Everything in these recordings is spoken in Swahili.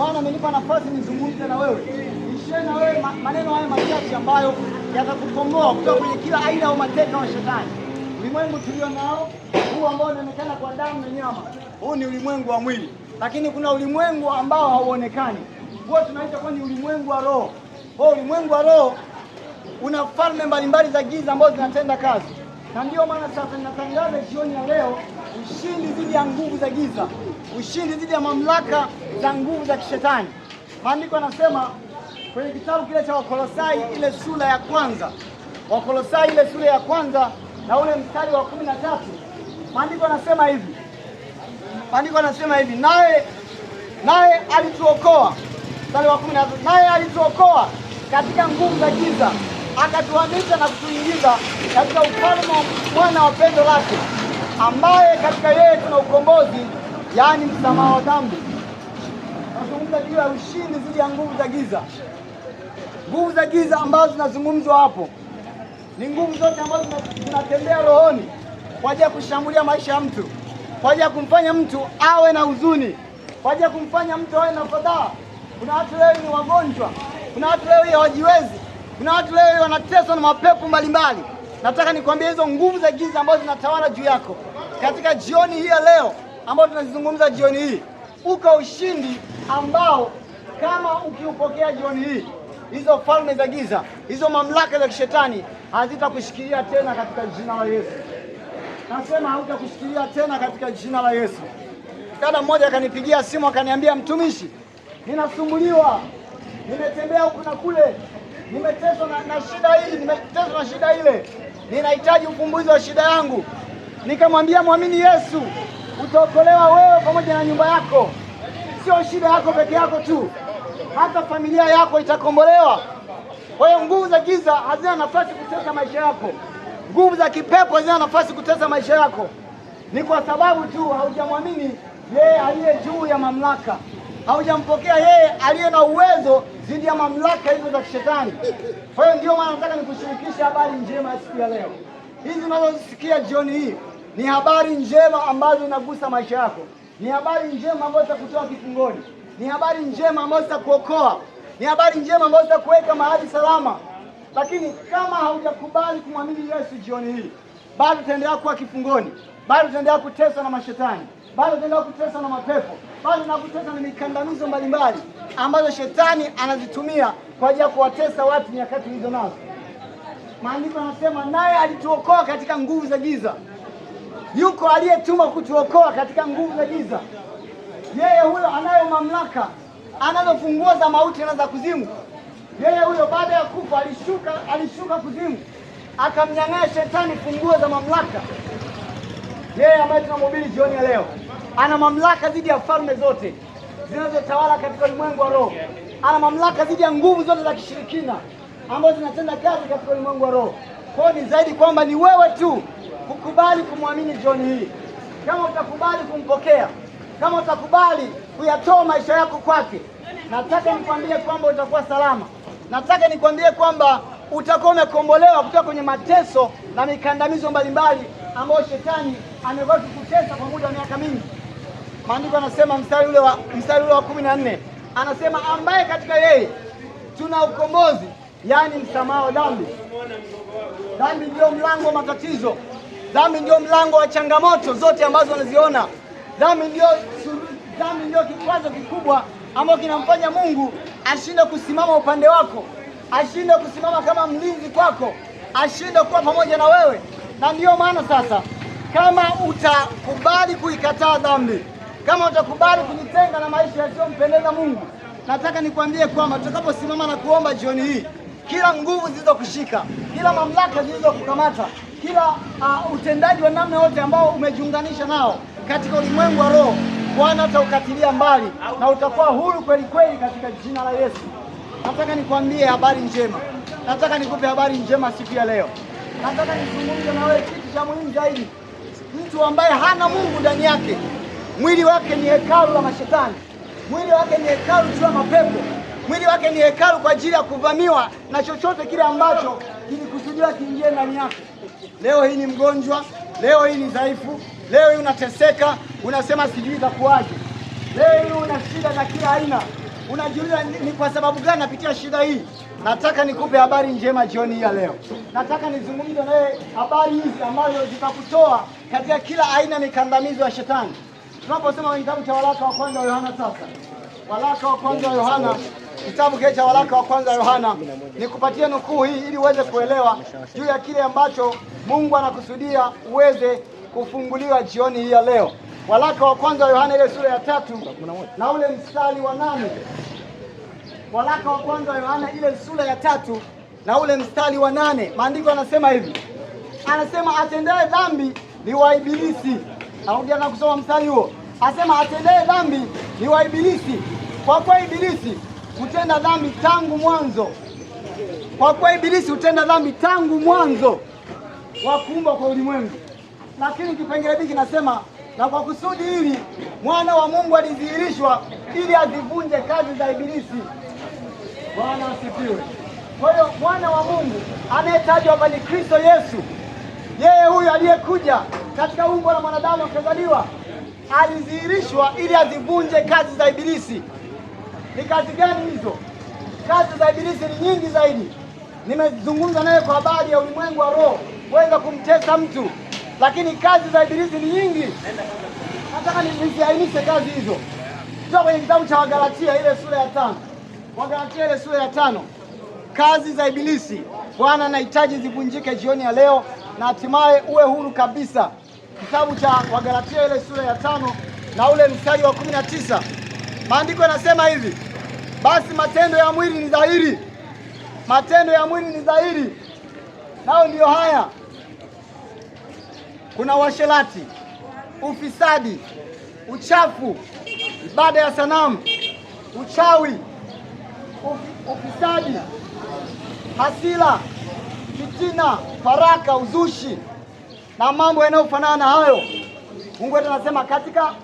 Bwana amenipa nafasi nizungumze na wewe, nishie na wewe maneno haya machache ambayo yatakukomboa kutoka kwenye kila aina ya mateka ya shetani. Ulimwengu tulio nao huu ambao unaonekana kwa damu na nyama, huu ni ulimwengu wa mwili, lakini kuna ulimwengu ambao hauonekani, huo tunaita kwa ni ulimwengu wa roho. Huo ulimwengu wa roho una falme mbalimbali za giza ambazo zinatenda kazi, na ndio maana sasa ninatangaza jioni ya leo ushindi dhidi ya nguvu za giza, ushindi dhidi ya mamlaka za nguvu za kishetani. Maandiko anasema kwenye kitabu kile cha Wakolosai ile sura ya kwanza, Wakolosai ile sura ya kwanza na ule mstari wa kumi na tatu maandiko anasema hivi, maandiko anasema hivi, naye naye alituokoa, mstari wa kumi na tatu naye alituokoa katika nguvu za giza, akatuhamisha na kutuingiza katika ufalme wa mwana wa pendo lake ambaye katika yeye tuna ukombozi, yaani msamaha wa dhambi. Tunazungumza juu ya ushindi dhidi ya nguvu za giza. Nguvu za giza ambazo zinazungumzwa hapo ni nguvu zote ambazo zinatembea rohoni kwa ajili ya kushambulia maisha ya mtu, kwa ajili ya kumfanya mtu awe na huzuni, kwa ajili ya kumfanya mtu awe na fadhaa. Kuna watu leo ni wagonjwa, kuna watu leo hawajiwezi, kuna watu leo wanateswa na mapepo mbalimbali. Nataka nikwambie hizo nguvu za giza ambazo zinatawala juu yako katika jioni hii ya leo ambayo tunazungumza jioni hii, uko ushindi ambao kama ukiupokea jioni hii, hizo falme za giza, hizo mamlaka za kishetani hazitakushikilia tena katika jina la Yesu. Nasema hautakushikilia tena katika jina la Yesu. Kana mmoja akanipigia simu akaniambia, mtumishi, ninasumbuliwa, nimetembea huku na kule, nimeteswa na, na shida hii, nimeteswa na shida ile, ninahitaji ufumbuzi wa shida yangu nikamwambia mwamini Yesu utaokolewa wewe pamoja na nyumba yako. Sio shida yako peke yako tu, hata familia yako itakombolewa. Kwa hiyo nguvu za giza hazina nafasi kutesa maisha yako, nguvu za kipepo hazina nafasi kutesa maisha yako. Ni kwa sababu tu haujamwamini yeye aliye juu ya mamlaka, haujampokea yeye aliye na uwezo dhidi ya mamlaka hizo za kishetani. Kwa hiyo ndio maana nataka nikushirikisha habari njema ya siku ya leo, hizi unazosikia jioni hii ni habari njema ambazo inagusa maisha yako, ni habari njema ambazo zitakutoa kifungoni, ni habari njema ambazo zitakuokoa, ni habari njema ambazo zitakuweka mahali salama. Lakini kama haujakubali kumwamini Yesu jioni hii, bado utaendelea kuwa kifungoni, bado utaendelea kuteswa na mashetani, bado utaendelea kuteswa na mapepo, bado na kuteswa na mikandamizo mbalimbali ambazo shetani anazitumia kwa ajili ya kuwatesa watu nyakati hizo. Nazo maandiko yanasema, naye alituokoa katika nguvu za giza Yuko aliyetuma kutuokoa katika nguvu za giza, yeye huyo anayo mamlaka, anazo funguo za mauti na za kuzimu. Yeye huyo baada ya kufa alishuka, alishuka kuzimu, akamnyang'anya shetani funguo za mamlaka. Yeye ambaye tunamhubiri jioni ya leo ana mamlaka dhidi ya falme zote zinazotawala katika ulimwengu wa roho. Ana mamlaka dhidi ya nguvu zote za kishirikina ambazo zinatenda kazi katika ulimwengu wa roho. Kwa hiyo ni zaidi kwamba ni wewe tu kukubali kumwamini John hii, kama utakubali kumpokea, kama utakubali kuyatoa maisha yako kwake, nataka nikwambie kwamba utakuwa salama. Nataka nikwambie kwamba utakuwa umekombolewa kutoka kwenye mateso na mikandamizo mbalimbali ambayo shetani amekuwa kukutesa kwa muda wa miaka mingi. Maandiko anasema mstari ule wa mstari ule wa kumi na nne anasema ambaye katika yeye tuna ukombozi, yaani msamaha wa dhambi. Dhambi ndio mlango wa matatizo. Dhambi ndio mlango wa changamoto zote ambazo wanaziona. Dhambi ndio dhambi ndio kikwazo kikubwa ambao kinamfanya Mungu ashinde kusimama upande wako, ashinde kusimama kama mlinzi kwako, ashinde kuwa pamoja na wewe. Na ndiyo maana sasa, kama utakubali kuikataa dhambi, kama utakubali kujitenga na maisha yasiyompendeza Mungu, nataka nikwambie kwamba tutakaposimama na kuomba jioni hii, kila nguvu zilizokushika, kila mamlaka zilizokukamata kila uh, utendaji wa namna yote ambao umejiunganisha nao katika ulimwengu wa roho, Bwana ataukatilia mbali na utakuwa huru kweli kweli katika jina la Yesu. Nataka nikwambie habari njema, nataka nikupe habari njema siku ya leo. Nataka nizungumze na wewe kitu cha muhimu zaidi. Mtu ambaye hana Mungu ndani yake, mwili wake ni hekalu la mashetani, mwili wake ni hekalu la mapepo, mwili wake ni hekalu kwa ajili ya kuvamiwa na chochote kile ambacho kilikusudiwa kiingie ndani yake leo hii ni mgonjwa, leo hii ni dhaifu, leo hii unateseka, unasema sijui itakuwaje, leo hii una shida za kila aina, unajiuliza ni kwa sababu gani napitia shida hii. Nataka nikupe habari njema jioni hii ya leo. Nataka nizungumze naye habari hizi ambazo zitakutoa katika kila aina mikandamizo ya shetani. Tunaposema kwenye kitabu cha waraka wa kwanza wa Yohana, sasa waraka wa kwanza wa Yohana kitabu kile cha waraka wa kwanza Yohana. Nikupatie nukuu hii ili uweze kuelewa juu ya kile ambacho Mungu anakusudia uweze kufunguliwa jioni hii ya leo. Waraka wa kwanza wa Yohana ile sura ya tatu na ule mstari wa nane. Waraka wa kwanza wa Yohana ile sura ya tatu na ule mstari wa nane, maandiko anasema hivi, anasema atendaye dhambi ni wa ibilisi. Narudia na kusoma mstari huo, asema atendaye dhambi ni wa ibilisi, kwa kuwa ibilisi hutenda dhambi tangu mwanzo. Kwa kuwa Ibilisi hutenda dhambi tangu mwanzo wa kuumbwa kwa ulimwengu, lakini kipengele hiki kinasema na kwa kusudi hili mwana wa Mungu alidhihirishwa ili azivunje kazi za Ibilisi. Bwana asifiwe. Kwa hiyo mwana wa Mungu anayetajwa hapa ni Kristo Yesu. Yeye huyu aliyekuja katika umbo la mwanadamu akazaliwa, alidhihirishwa ili azivunje kazi za Ibilisi. Ni kazi gani hizo? Kazi za ibilisi ni nyingi zaidi. Nimezungumza naye kwa habari ya ulimwengu wa roho, kuweza kumtesa mtu, lakini kazi za ibilisi ni nyingi. Nataka nisiainishe kazi hizo. kutoka kwenye kitabu cha Wagalatia ile sura ya tano, Wagalatia ile sura ya tano. Kazi za ibilisi Bwana anahitaji zivunjike jioni ya leo na hatimaye uwe huru kabisa. Kitabu cha Wagalatia ile sura ya tano na ule mstari wa kumi na tisa. Maandiko yanasema hivi, basi matendo ya mwili ni dhahiri, matendo ya mwili ni dhahiri, nao ndiyo haya: kuna uasherati, ufisadi, uchafu, ibada ya sanamu, uchawi, uf, ufisadi, hasira, fitina, faraka, uzushi na mambo yanayofanana na hayo. Mungu wetu anasema katika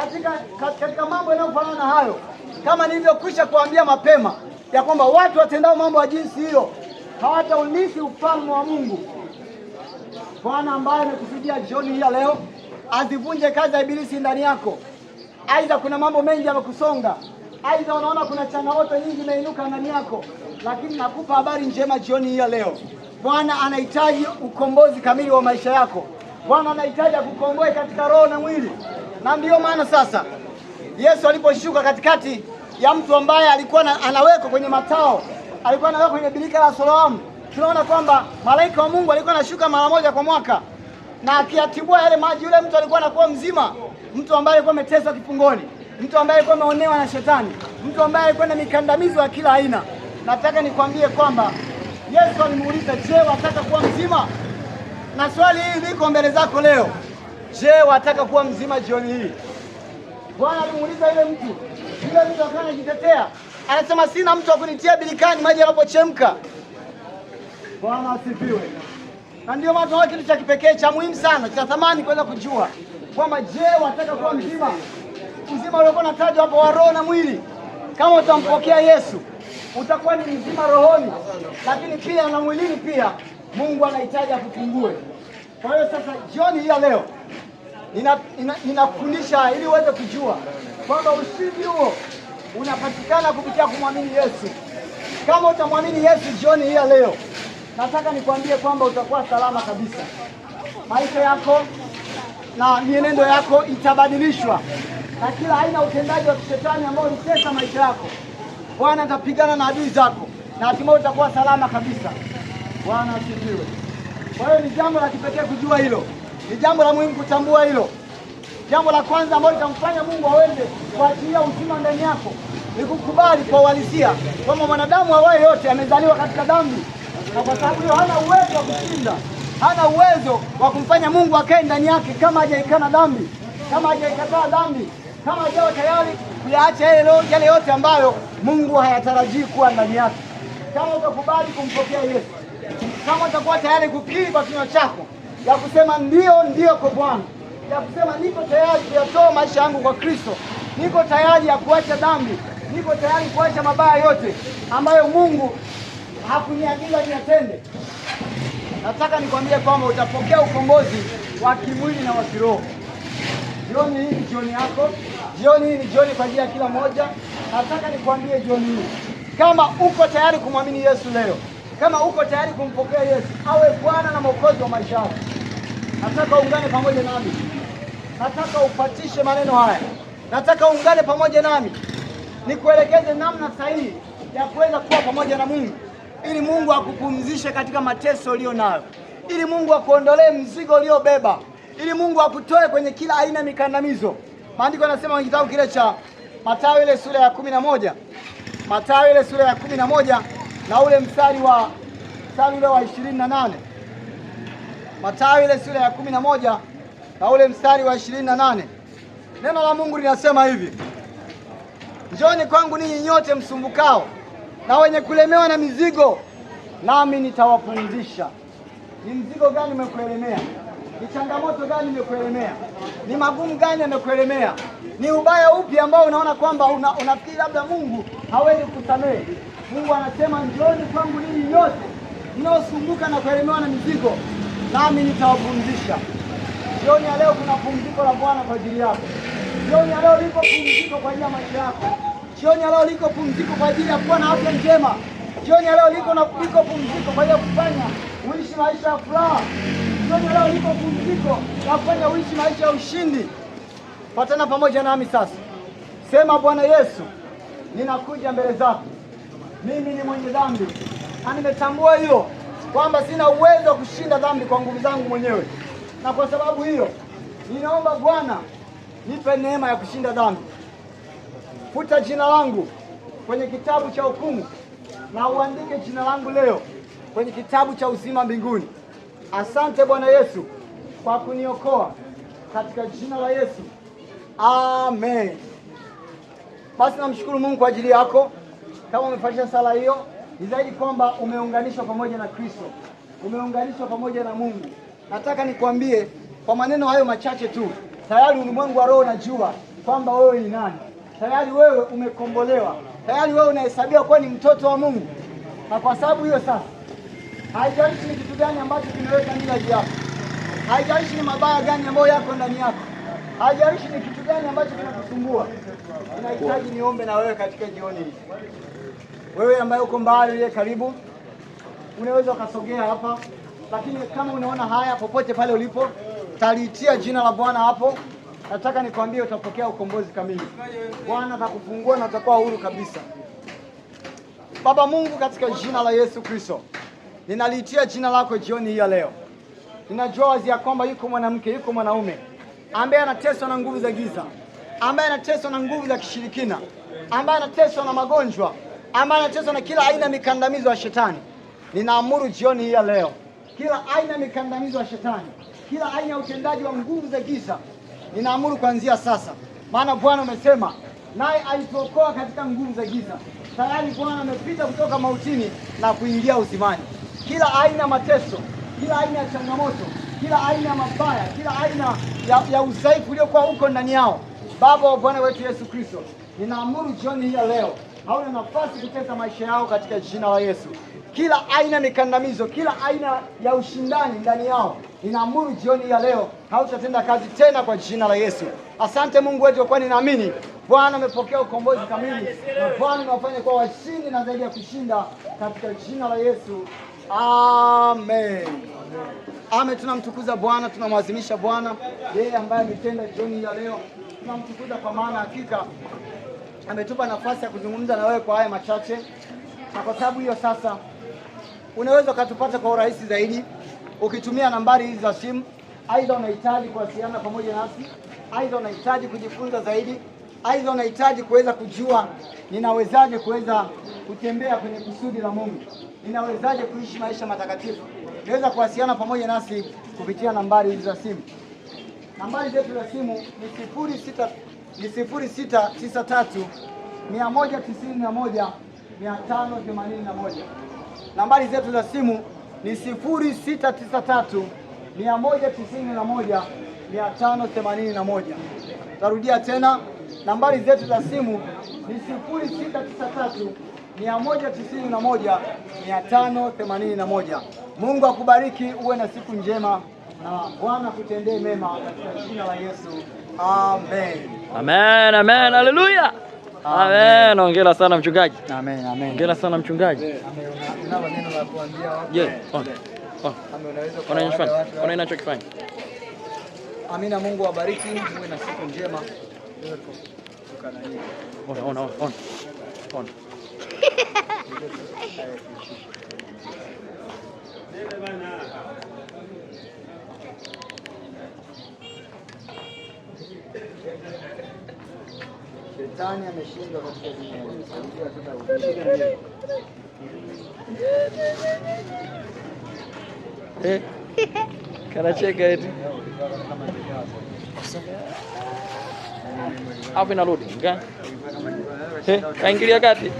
katika, katika mambo yanayofanana na hayo, kama nilivyokwisha kuambia mapema ya kwamba watu watendao mambo ya jinsi hiyo hawataurithi ufalme wa Mungu. Bwana ambaye amekusudia jioni hii ya leo azivunje kazi ya ibilisi ndani yako. Aidha, kuna mambo mengi yamekusonga, aidha unaona kuna changamoto nyingi imeinuka ndani yako, lakini nakupa habari njema jioni hii ya leo. Bwana anahitaji ukombozi kamili wa maisha yako. Bwana anahitaji akukomboe katika roho na mwili. Na ndiyo maana sasa Yesu aliposhuka katikati ya mtu ambaye alikuwa anawekwa kwenye matao, alikuwa anawekwa kwenye birika la Soloamu, tunaona kwamba malaika wa Mungu alikuwa anashuka mara moja kwa mwaka na akiyatibua yale maji, yule mtu alikuwa anakuwa mzima, mtu ambaye alikuwa ameteswa kifungoni, mtu ambaye alikuwa ameonewa na shetani, mtu ambaye alikuwa na mikandamizo ya kila aina. Nataka nikwambie kwamba Yesu alimuuliza, je, wataka kuwa mzima? Na swali hili liko mbele zako leo. Je, wataka kuwa mzima jioni hii? Bwana alimuuliza yule mtu, yule mtu akawa anajitetea, anasema sina mtu wa kunitia bilikani maji yanapochemka. Bwana asifiwe. Na ndio maana tuna kitu cha kipekee cha muhimu sana cha thamani kuweza kujua kwamba, je, wataka kuwa mzima, uzima uliokuwa unatajwa hapo wa roho na mwili. Kama utampokea Yesu utakuwa ni mzima rohoni, lakini pia na mwilini pia. Mungu anahitaji akufungue. Kwa hiyo sasa jioni hii ya leo ninakufundisha nina, ili uweze kujua kwamba ushindi huo unapatikana kupitia kumwamini Yesu. Kama utamwamini Yesu jioni hii ya leo, nataka nikwambie kwamba utakuwa salama kabisa. Maisha yako na mienendo yako itabadilishwa na kila aina utendaji wa kishetani ambao ulitesa maisha yako, Bwana atapigana na adui zako na hatimaye utakuwa salama kabisa. Bwana asifiwe. Kwa hiyo ni jambo la kipekee kujua hilo, ni jambo la muhimu kutambua hilo. Jambo la kwanza ambalo litamfanya Mungu aweze kuachilia uzima ndani yako ni kukubali kwa uhalisia kwamba mwanadamu awaye yote amezaliwa katika dhambi, na kwa sababu hiyo hana uwezo wa kushinda, hana uwezo wa kumfanya Mungu akae ndani yake kama hajaikana dhambi, kama hajaikataa dhambi, kama hajawa tayari kuyaacha yale yote ambayo Mungu hayatarajii kuwa ndani yake. Kama utakubali kumpokea Yesu kama utakuwa tayari kukiri kwa kinywa chako ya kusema ndio ndio kwa Bwana, ya kusema niko tayari kuyatoa maisha yangu kwa Kristo, niko tayari ya kuacha dhambi, niko tayari kuacha mabaya yote ambayo Mungu hakuniagiza niyatende, nataka nikwambie kwamba utapokea ukombozi wa kimwili na wa kiroho. Jioni hii ni jioni yako, jioni hii ni jioni kwa ajili ya kila moja. Nataka nikwambie jioni hii, kama uko tayari kumwamini Yesu leo kama uko tayari kumpokea Yesu awe Bwana na Mwokozi wa maisha yako, nataka uungane pamoja nami, nataka upatishe maneno haya, nataka uungane pamoja nami, nikuelekeze namna sahihi ya kuweza kuwa pamoja na Mungu ili Mungu akupumzishe katika mateso uliyo nayo, ili Mungu akuondolee mzigo uliobeba, ili Mungu akutoe kwenye kila aina ya mikandamizo. Maandiko yanasema kwenye kitabu kile cha Mathayo ile sura ya kumi na moja Mathayo ile sura ya kumi na moja na ule mstari wa mstari ule wa ishirini na nane Mathayo ile sura ya kumi na moja na ule mstari wa ishirini na nane neno la Mungu linasema hivi: njoni kwangu ninyi nyote msumbukao na wenye kulemewa na mizigo, nami nitawapumzisha. Ni mzigo gani umekuelemea? Ni changamoto gani imekuelemea? Ni magumu gani yamekuelemea? Ni ubaya upi ambao unaona kwamba unafikiri labda Mungu hawezi kusamehe? Mungu anasema njoni kwangu ninyi nyote mnaosumbuka na kuelemewa na mizigo, nami nitawapumzisha. Jioni ya leo kuna pumziko la Bwana kwa ajili yako. Jioni ya leo liko pumziko kwa ajili ya maisha yako. Jioni ya leo liko pumziko kwa ajili ya kuwa na afya njema. Jioni ya leo liko na liko pumziko kwa ajili ya kufanya uishi maisha ya furaha. Jioni ya leo liko pumziko la kufanya uishi maisha ya ushindi. Patana pamoja nami sasa, sema Bwana Yesu, ninakuja mbele zako mimi ni mwenye dhambi, na nimetambua hiyo kwamba sina uwezo wa kushinda dhambi kwa nguvu zangu mwenyewe, na kwa sababu hiyo ninaomba Bwana nipe neema ya kushinda dhambi. Futa jina langu kwenye kitabu cha hukumu na uandike jina langu leo kwenye kitabu cha uzima mbinguni. Asante Bwana Yesu kwa kuniokoa katika jina la Yesu, amen. Basi namshukuru Mungu kwa ajili yako. Kama umefuatisha sala hiyo, ni zaidi kwamba umeunganishwa pamoja na Kristo, umeunganishwa pamoja na Mungu. Nataka nikwambie kwa maneno hayo machache tu, tayari ulimwengu wa roho unajua kwamba wewe ni nani. Tayari wewe umekombolewa, tayari wewe unahesabiwa kuwa ni mtoto wa Mungu. Na kwa sababu hiyo sasa, haijalishi ni kitu gani ambacho kimeweka ndani yako, haijalishi ni mabaya gani ambayo yako ndani yako hajarishi ni kitu gani ambacho kinakusumbua, Ninahitaji niombe na wewe katika jioni hii, wewe ambaye uko mbali, ile karibu, unaweza ukasogea hapa, lakini kama unaona haya, popote pale ulipo, taliitia jina la Bwana hapo. Nataka nikwambie utapokea ukombozi kamili. Bwana atakufungua na utakuwa huru kabisa. Baba Mungu, katika jina la Yesu Kristo, ninaliitia jina lako jioni hii ya leo. Ninajua wazi ya kwamba yuko mwanamke, yuko mwanaume ambaye anateswa na nguvu za giza, ambaye anateswa na nguvu za kishirikina, ambaye anateswa na magonjwa, ambaye anateswa na kila aina ya mikandamizo ya shetani, ninaamuru jioni hii ya leo, kila aina ya mikandamizo ya shetani, kila aina ya utendaji wa nguvu za giza, ninaamuru kuanzia sasa, maana Bwana umesema naye alituokoa katika nguvu za giza. Tayari Bwana amepita kutoka mautini na kuingia uzimani. Kila aina ya mateso, kila aina ya changamoto kila aina ya mabaya, kila aina ya, ya udhaifu uliokuwa huko ndani yao. Baba wa Bwana wetu Yesu Kristo, ninaamuru jioni hii ya leo hauna nafasi kutesa maisha yao katika jina la Yesu. Kila aina mikandamizo, kila aina ya ushindani ndani yao, ninaamuru jioni ya leo hautatenda kazi tena kwa jina la Yesu. Asante Mungu wetu, kwa ninaamini Bwana amepokea ukombozi kamili, na Bwana unawafanya kuwa washindi na zaidi ya kushinda katika jina la Yesu, amen. Ame, tunamtukuza Bwana, tunamwazimisha Bwana yeye ambaye ametenda jioni ya leo, tunamtukuza kwa maana hakika ametupa nafasi ya kuzungumza na wewe kwa haya machache, na kwa sababu hiyo sasa unaweza ukatupata kwa urahisi zaidi ukitumia nambari hizi za simu. Aidha unahitaji kuwasiliana pamoja nasi, aidha unahitaji kujifunza zaidi, aidha unahitaji kuweza kujua ninawezaje kuweza kutembea kwenye kusudi la Mungu ninawezaje kuishi maisha matakatifu? Naweza kuwasiliana pamoja nasi kupitia nambari hizi za simu. Nambari zetu za simu ni sifuri sita ni sifuri sita tisa tatu mia moja tisini na moja mia tano themanini na moja. Nambari zetu za simu ni sifuri sita tisa tatu mia moja tisini na moja mia tano themanini na moja. Tarudia tena nambari zetu za simu ni sifuri sita tisa tatu 191 Mungu akubariki, uwe na siku njema na Bwana kutendee mema katika jina la Yesu. Amen. Amen, amen. Haleluya. Amen. Hongera sana mchungaji. Amen, amen. Hongera sana mchungaji. Amen. Unalo neno la kuambia watu? Yeah. Oh, oh. Ona inachokifanya. Amina, Mungu awabariki, uwe na siku njema. Ona, ona, ona. Ona. Shetani ameshindwa katika dunia. Eh, kanacheka eti hapo inarudi eh? kaingilia kati